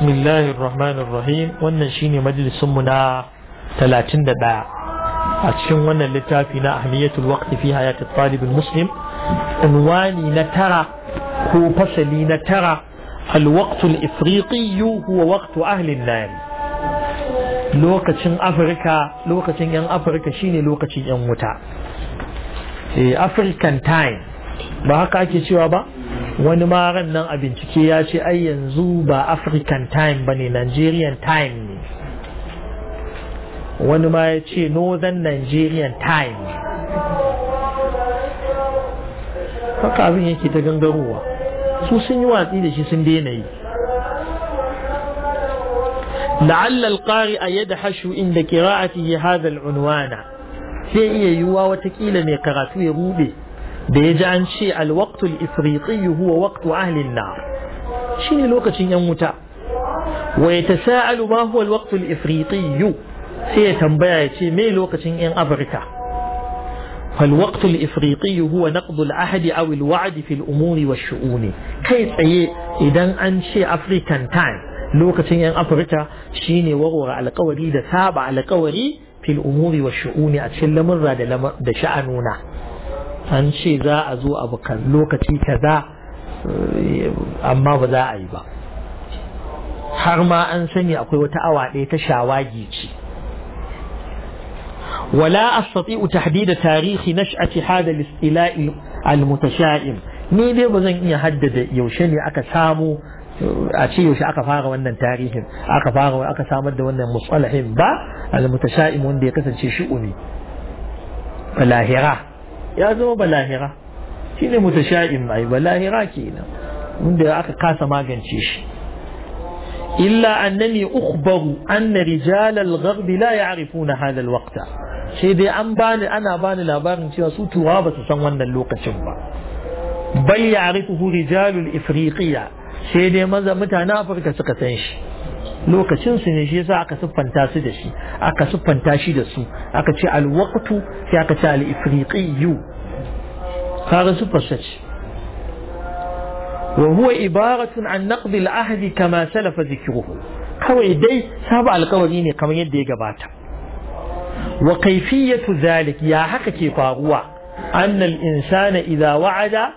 بسم الله الرحمن الرحيم wannan shine majalisin mu na 31 a cikin wannan littafi na ahmiyatul waqti fi hayati talib muslim unwani na tara ko fasali na tara الوقت الإفريقي هو وقت أهل النار لوكتشن أفريكا لوكتشن ين أفريكا شيني لوكتشن ين متع أفريكان تايم ba haka ake cewa ba wani maran nan a bincike ya ce ai yanzu ba african time ba ne nigerian time ne wani ma ya ce northern nigerian time haka abin yake ta gangarowa su sun yi watsi da shi sun daina yi لعل القارئ يدحش عند قراءته هذا العنوان sai iya yiwuwa watakila mai karatu ya rube بيجا شيء الوقت الإفريقي هو وقت أهل النار شيني الوقت شيني أموتا ويتساءل ما هو الوقت الإفريقي سي تنبيع شيء مي الوقت إن أبركا فالوقت الإفريقي هو نقض العهد أو الوعد في الأمور والشؤون كيف أي إذا أن شيء أفريكان تايم لوقت إن أبركا شيني وغور على قولي دا على قولي في الأمور والشؤون أتشلم الرادة لما دشأنونا an ce za a zo abu kan lokaci kaza amma ba za a yi ba har ma an sani akwai wata awa ɗaya ta shawagi ce ولا أستطيع تحديد تاريخ نشأة هذا الاستيلاء المتشائم ni dai ba zan iya haddada yaushe ne aka samu a ce yaushe aka fara wannan tarihin aka fara aka samar da wannan musalahin ba al-mutasha'im wanda ya kasance shiuni lahira ya zama balahira shine mutasha'im ai balahira kenan wanda aka kasa magance shi illa annani ukhbaru anna rijal al-gharb la ya'rifuna hadha al-waqt sai dai an bani ana bani labarin cewa su tuwa ba su san wannan lokacin ba bal ya'rifuhu rijalul ifriqiya sai dai maza mutanen afirka suka san shi lokacin su ne shi yasa aka siffanta su da shi aka siffanta shi da su aka ce alwaqtu sai aka ce al-ifriqiyyu kaga su fasace ce wa huwa ibaratun an naqdi al-ahdi kama salafa zikruhu kawai dai sabu alkawari ne kamar yadda ya gabata wa kayfiyatu zalik ya haka ke faruwa annal insana idza wa'ada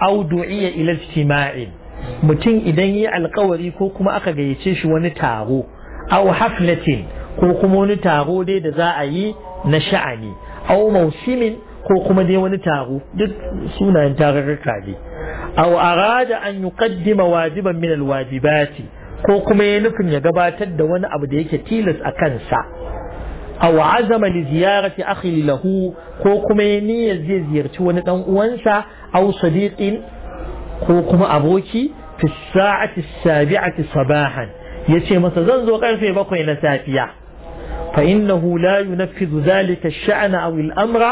aw du'iya ila ijtima'in mutum idan yi alkawari ko kuma aka gayyace shi wani taro au haflatin ko kuma wani taro dai da za a yi na sha'ani au mausimin ko kuma dai wani taro duk sunayen tararraka ne Au arada an yi kaddima wajiban min alwajibati ko kuma ya nufin ya gabatar da wani abu da yake tilas a kansa Au azama li ziyarati akhi lahu ko kuma ya niyyar zai ziyarci wani dan uwansa au sadiqin ko kuma aboki fi sa'ati sabi'ati sabahan yace masa zan zo karfe bakwai na safiya fa innahu la yunaffidhu dhalika ash-sha'na aw al-amra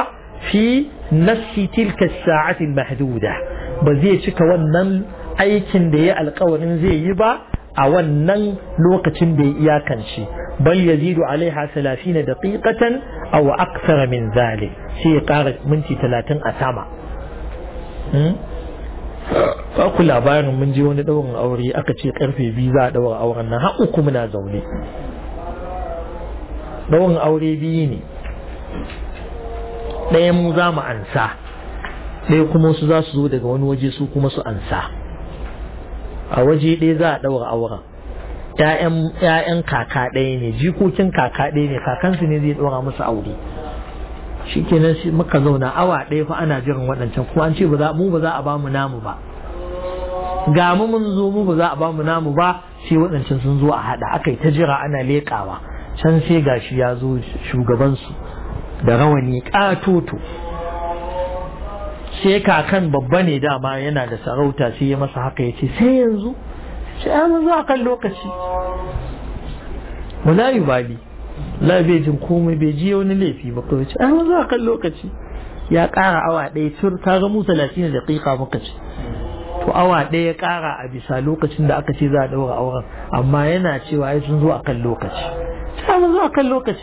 fi nafsi tilka as-sa'ati al-mahduda ba zai cika wannan aikin da ya alƙawarin zai yi ba a wannan lokacin da ya iyakance bal yazidu alaiha 30 daqiqatan aw akthara min dhalik sai ya kara minti 30 a sama ba ku labarin mun je wani ɗaurin aure aka ce karfe biyu za a ɗaura auren nan har kuma muna zaune ɗaurin aure biyu ne ɗaya mu za mu ansa ɗaya kuma su za su zo daga wani waje su kuma su ansa a waje ɗaya za a ɗaura auren ‘ya'yan kaka ɗaya ne jikokin kaka ɗaya ne kakansu ne zai ɗaura musu aure shikenan shi muka zauna awa ɗaya fa ana jiran waɗancan kuma an ce mu ba za a bamu namu ba ga mu mun zo mu ba za a bamu namu ba sai waɗancan sun zo a haɗa aka yi ta jira ana leƙawa can sai ga shi ya zo shugaban su da rawani ƙatoto sai kakan babba ne dama yana da sarauta sai ya masa haka ya ce sai yanzu sai an ah, a kan lokaci wala yi لا بيجم كومي بيجي ونلي في بقوتش أهلا ذاك الوقت يا كارا أوعى دي تر تاغا مو دقيقة وقت تو أوعى دي كارا أبي سالو قتش أكتي ذا دوغا أوعى أما ينا تشي وعي سنزو أقل لوقت أهلا ذاك الوقت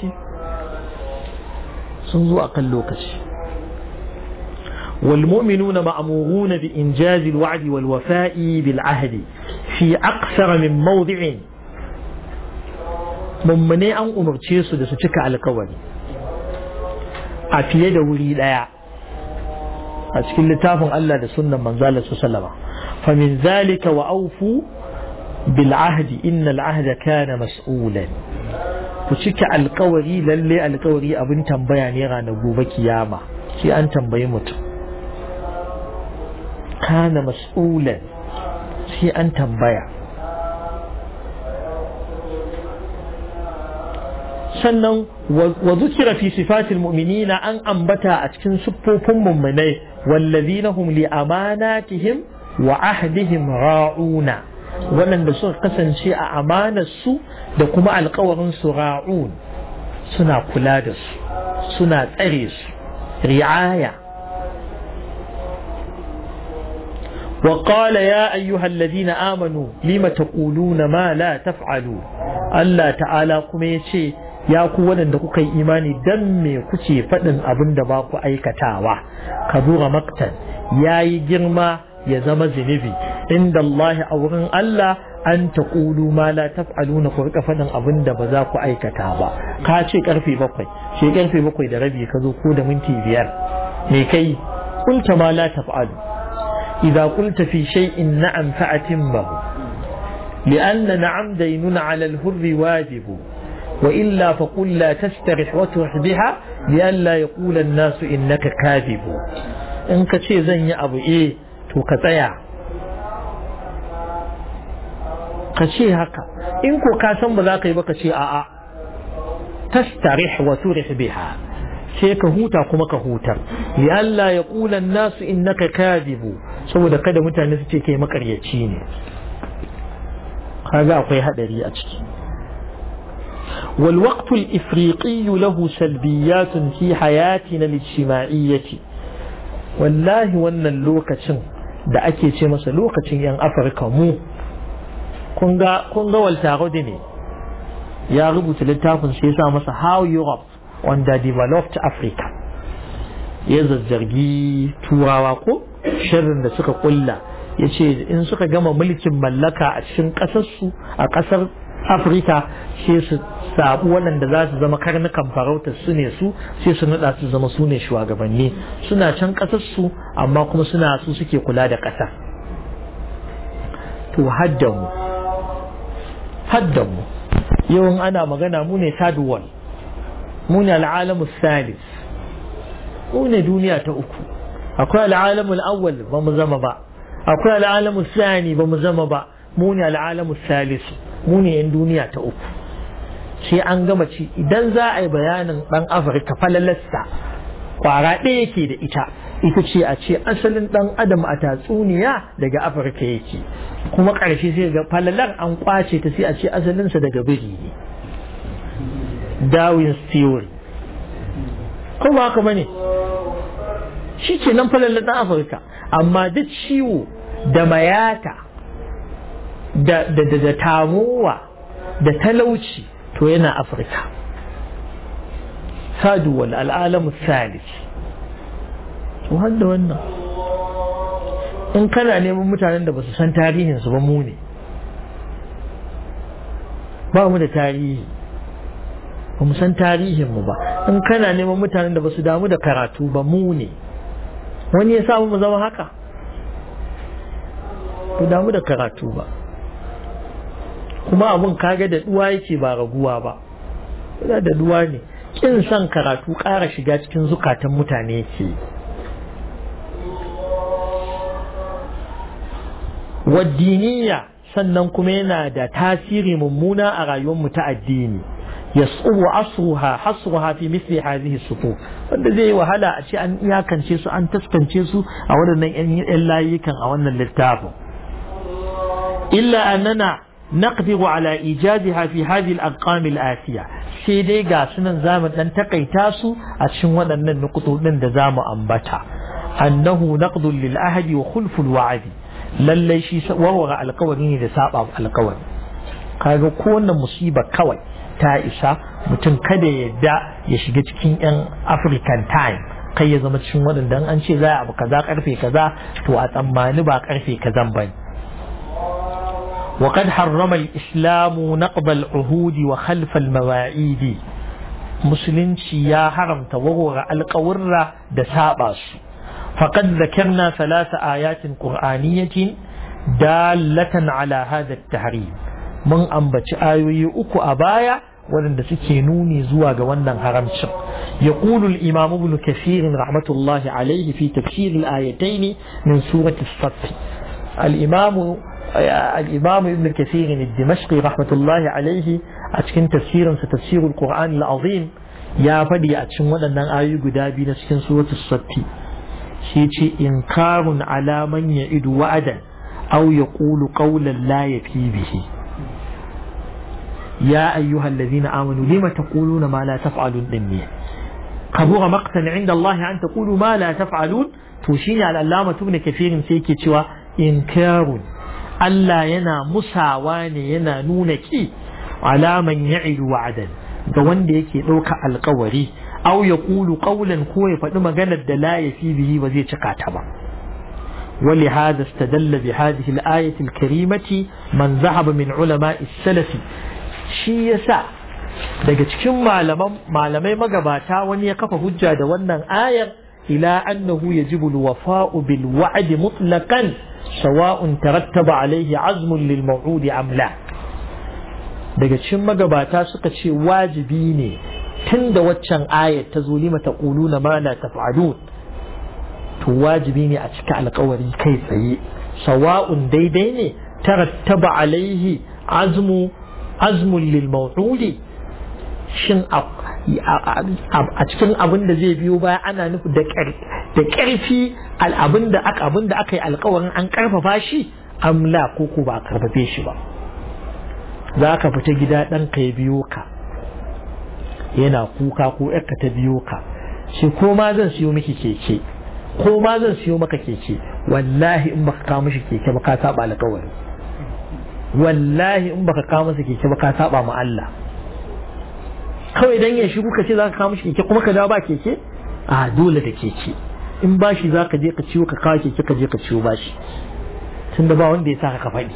سنزو أقل لوقت والمؤمنون مأمورون بإنجاز الوعد والوفاء بالعهد في أكثر من موضع mummune an umarce su da su cika alkawari a fiye da wuri ɗaya a cikin littafin Allah da sunnan manzala su salama zalika wa aufu bil ahdi inna al ahda kana mas'ulan ku cika alkawari lalle alkawari abin tambaya ne ranar gobe kiyama ki an tambayi mutum kana mas'ulan sai an tambaya sannan wa zukira fi sifatil mu'minina an ambata a cikin siffofin mummunai wallazina hum li amanatihim wa ahdihim ra'una waɗanda suka kasance a amanar su da kuma alkawarin su ra'un suna kula da su suna tsare su ri'aya وقال يا أيها الذين آمنوا لم تقولون ما لا تفعلون Allah ta'ala kuma ya ce ya ku waɗanda kuka yi imani dan me kuke faɗin abin da ba ku aikatawa kabura maktan ya yi girma ya zama zunubi inda Allah a wurin Allah an ta ƙulu ma la taf'aluna ku rika faɗin abin da ba za ku aikata ba ka ce karfe bakwai ce bakwai da rabi ka zo ko da minti biyar me kai kulta ma la taf'alu idza qulta fi shay'in na'am fa'atimmahu لأن نعم دين على hurri واجب وإلا فقل لا تسترح وترح بها لئلا يقول الناس إنك كاذب إن كشي زني أبو إيه تو كتايا كشي هكا إن كاسم بذاقي بكشي آآ تسترح وترح بها sai ka huta kuma ka hutar ya Allah ya kula nasu innaka kadibu saboda kada mutane su ce kai makaryaci ne kaga akwai hadari a ciki والوقت الإفريقي له سلبيات في حياتنا الاجتماعية والله وأن اللوكة da ake ce masa lokacin 'yan afirka mu kun ga ne ya rubuta littafin sai sa masa how europe under developed africa ya zazzargi turawa ko shirin da suka kulla ya ce in suka gama mulkin mallaka a cikin ƙasarsu a ƙasar afirka sai su sabu waɗanda za su zama karnukan farauta su ne su sai su naɗa su zama su ne shugabanni suna can ƙasar amma kuma suna su suke kula da ƙasa to haddamu haddamu yawan ana magana mu ne saduwal mu ne al'alamu salis mu ne duniya ta uku akwai al'alamu al'awwal ba mu zama ba akwai al'alamu sani ba mu zama ba mu ne al'alamu salisu mu ne yan duniya ta uku sai an gama ci idan za a yi bayanin ɗan afirka falalasta, kwara ɗaya yake da ita ita ce a ce asalin ɗan adam a tatsuniya daga afirka yake kuma ƙarshe sai ga falalar an kwace ta sai a ce asalinsa daga biri ne darwin's theory ko ba ne, shi ce nan falalar ɗan afirka amma duk ciwo da mayata da da da tamowa da talauci to yana afirka saduwal al'alamu salis wanda wannan in kana neman mutanen da ba su san tarihinsu ba mu ne ba mu da tarihi ba mu san tarihinmu ba in kana neman mutanen da ba su damu da karatu ba mu ne wani ya samu mu zama haka ba damu da karatu ba kuma abun kaga da duwa yake ba raguwa ba yana da duwa ne kin san karatu ƙara shiga cikin zukatan mutane yake waddiniya sannan kuma yana da tasiri mummuna a rayuwar mu ta addini yasubu asruha hasruha fi misli hadhihi sufu wanda zai yi wahala a ce an iyakance su an taskance su a waɗannan yan layukan a wannan littafin illa annana نقدر على إيجادها في هذه الأرقام الآتية sai dai ga sunan zamu ɗan takaita su a cikin waɗannan nukutudin da zamu ambata annahu naqdun lil ahdi wa khulful wa'di Lallai shi wawara alƙawari ne da saba alƙawari kaga ko wannan musiba kawai ta isa mutum kada ya yadda ya shiga cikin yan African time kai ya zama cikin waɗanda an ce za a abu kaza karfe kaza to a tsammani ba karfe kazan bane وقد حرم الإسلام نقب العهود وخلف المواعيد مسلم يا حرم توغر القور دسابس فقد ذكرنا ثلاث آيات قرآنية دالة على هذا التحريم من أنبت آيوي أكو أبايا ولن نوني زواج ونن حرم يقول الإمام ابن كثير رحمة الله عليه في تفسير الآيتين من سورة الصف الإمام الإمام ابن كثير الدمشقي رحمة الله عليه أتكن تفسيرا ستفسير القرآن العظيم يا فدي أتشن أن آي قدابي نسكن سورة الصتي شيء إنكار على من يعد وعدا أو يقول قولا لا يفي به يا أيها الذين آمنوا لما تقولون ما لا تفعلون إني كبر مقتا عند الله أن تقولوا ما لا تفعلون توشيني على اللامة ابن كثير سيكي إنكار Allah yana musawa ne yana nuna ki alaman ya'idu wa'adan ga wanda yake ɗauka alkawari aw ya kulu qawlan ko ya faɗi maganar da la yafi bihi ba zai cika ta ba ولهذا استدل بهذه karimati الكريمة من min من علماء السلف شي يسا daga cikin malamai magabata wani ya kafa hujja da wannan ayar ila annahu yajibu wafa'u bil wa'd mutlaqan سواء ترتب عليه عزم للموعود أم لا daga cikin magabata suka ce wajibi ne tun da waccan ayat ta zo lima taquluna ma la taf'alun to wajibi ne a cikin alkawari kai tsaye sawa'un daidai ne tarattaba alaihi azmu azmu lil maw'udi shin a cikin abin da zai biyo baya ana nufi da da ƙarfi al'abin da aka abin da aka yi alkawarin an ƙarfafa shi amla ko ko ba a karfafe shi ba za ka fita gida ɗan ka biyo ka yana kuka ko ƴarka ta biyo ka shi ko ma zan siyo miki keke ko ma zan siyo maka keke wallahi in baka kawo mishi keke ba ka saba alkawari wallahi in baka kawo masa keke ba ka saba ma Allah kawai dan ya shi kuka ce za ka kawo mishi keke kuma ka dawo ba keke a dole da keke in bashi za ka je ka ciwo ka kawo keke ka je ka ciwo bashi tun da ba wanda ya saka ka faɗi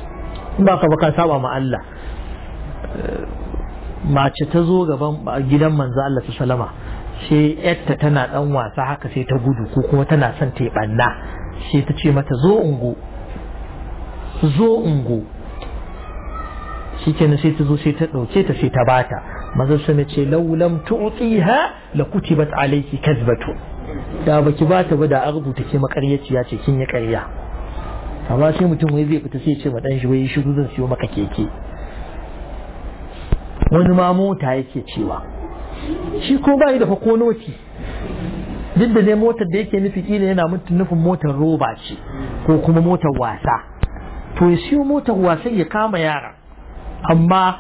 in ba ka ba saba ma Allah mace ta zo gaban gidan manzo Allah ta salama sai yarta tana dan wasa haka sai ta gudu ko kuma tana son ta yi banna sai ta ce mata zo ungo zo ungo shikenan sai ta zo sai ta dauke ta sai ta bata manzo sai ce laulam tu'tiha la kutibat alayki kazbatu da baki ba ta ba da an rubuta ke ya ce kin yi karya amma sai mutum wai zai fita sai ce ma dan shi wai shiru zan siyo maka keke wani ma mota yake cewa shi ko ba da fa ko noti duk da dai motar da yake nufi kila yana mutum nufin motar roba ce ko kuma motar wasa to ya siyo motar wasan ya kama yara amma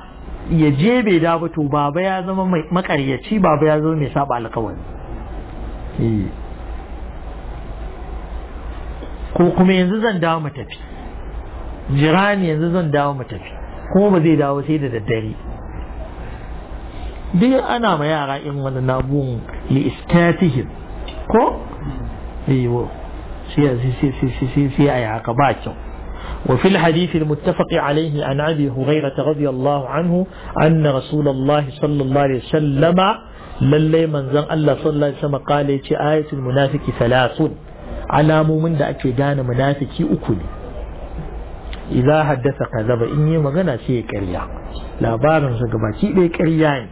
ya je bai da ba to baba ya zama makaryaci baba ya zama mai saba alkawari ko kuma yanzu zan dawo mu tafi jira ne yanzu zan dawo mu tafi kuma ba zai dawo sai da daddare duk ana ma yara in wani nabun li istatihim ko ايوه سي سي سي سي سي سي اي عقبات وفي الحديث المتفق عليه عن ابي هريره رضي الله عنه ان رسول الله صلى الله عليه وسلم lallai manzon Allah sallallahu alaihi wasallam kale yace ayatul munafiki salasun alamomin da ake gane munafiki uku ne idza haddasa kazaba in yi magana sai ya ƙarya labarin sa gabaki ɗaya ƙarya ne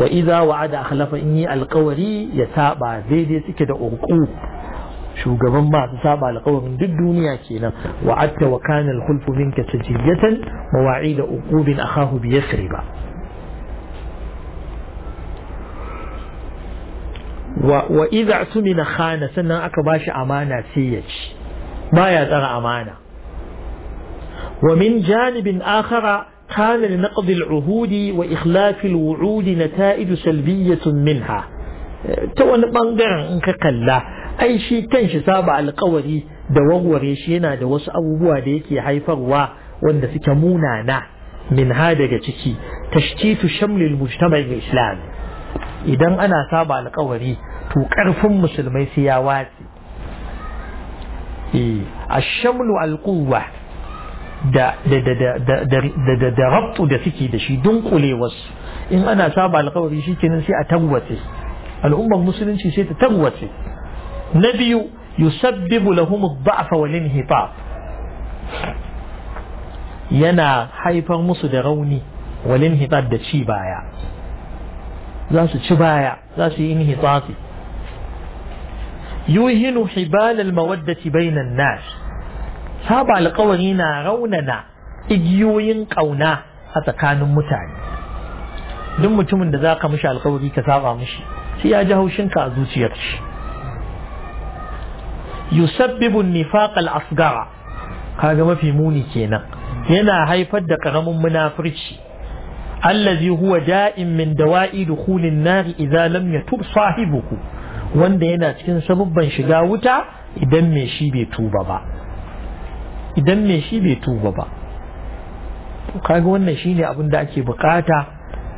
wa idza wa'ada akhlafa in yi alƙawari ya saba daidai suke da urqu shugaban masu saba alkawarin duk duniya kenan wa'atta wa kana al-khulfu minka tajiyatan mawa'ida uqubin akahu bi yasriba وإذا iza خانة سنة أكباش أمانة سيج ما sai أمانة ومن جانب آخر كان لنقض العهود وإخلاف الوعود نتائج سلبية منها تون بانجر انك كلا أي شيء كانش سابع القوري دوغوري شينا دوس أبوه ديكي حيفروا وان سكمونانا من هذا جتكي تشتيت شمل المجتمع الإسلامي idan ana saba alkawari to ƙarfin musulmai sai ya watsi eh, ashamlu alkuwa da rabtu da suke da shi dunkule wasu in ana saba alkawari shi kenan sai a tagwace al'ummar musulunci sai ta tagwace na biyu yusabbibu lahum da'fa wal inhitaf yana haifar musu da rauni wal inhitaf da ci baya za su ci baya za su yi inhitati yuhinu hibal almawaddati bainan nas saba alƙawari na raunana igiyoyin kauna a tsakanin mutane duk mutumin da zaka mishi alƙawari ka saba mishi shi ya ji haushinka a zuciyar shi yusabbibu nifaq al-asghara kaga mafi muni kenan yana haifar da karamin munafurci allazi huwa da'in min dawa'i dukhulin nar idza lam yatub sahibuhu wanda yana cikin sabubban shiga wuta idan me shi bai tuba ba idan me shi bai tuba ba kaga wannan shine abin da ake bukata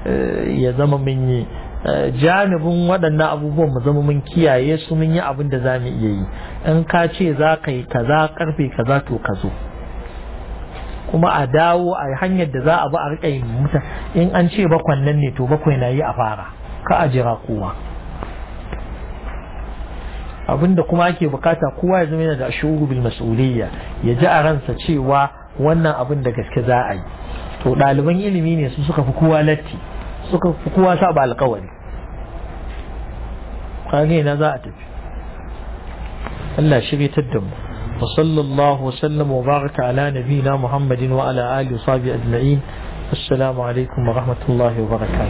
eh, ya zama mun yi eh, janibin waɗannan abubuwan mu zama mun kiyaye su mun yi abin da za mu iya yi in ka ce za ka yi kaza karfe kaza to ka zo kuma a dawo a hanyar da za a ba a riƙe yin mutan in an ce bakwan nan ne to bakwai na yi a fara ka a jira kowa abinda kuma ake bukata kowa ya zama yana da shuru bil mas'uliyya ya ji a ransa cewa wannan abin da gaske za a yi to ɗaliban ilimi ne su suka fi kowa latti suka fi kowa saba alƙawari. kage na za a tafi Allah shirye ta mu وصلى الله وسلم وبارك على نبينا محمد وعلى آله وصحبه أجمعين السلام عليكم ورحمة الله وبركاته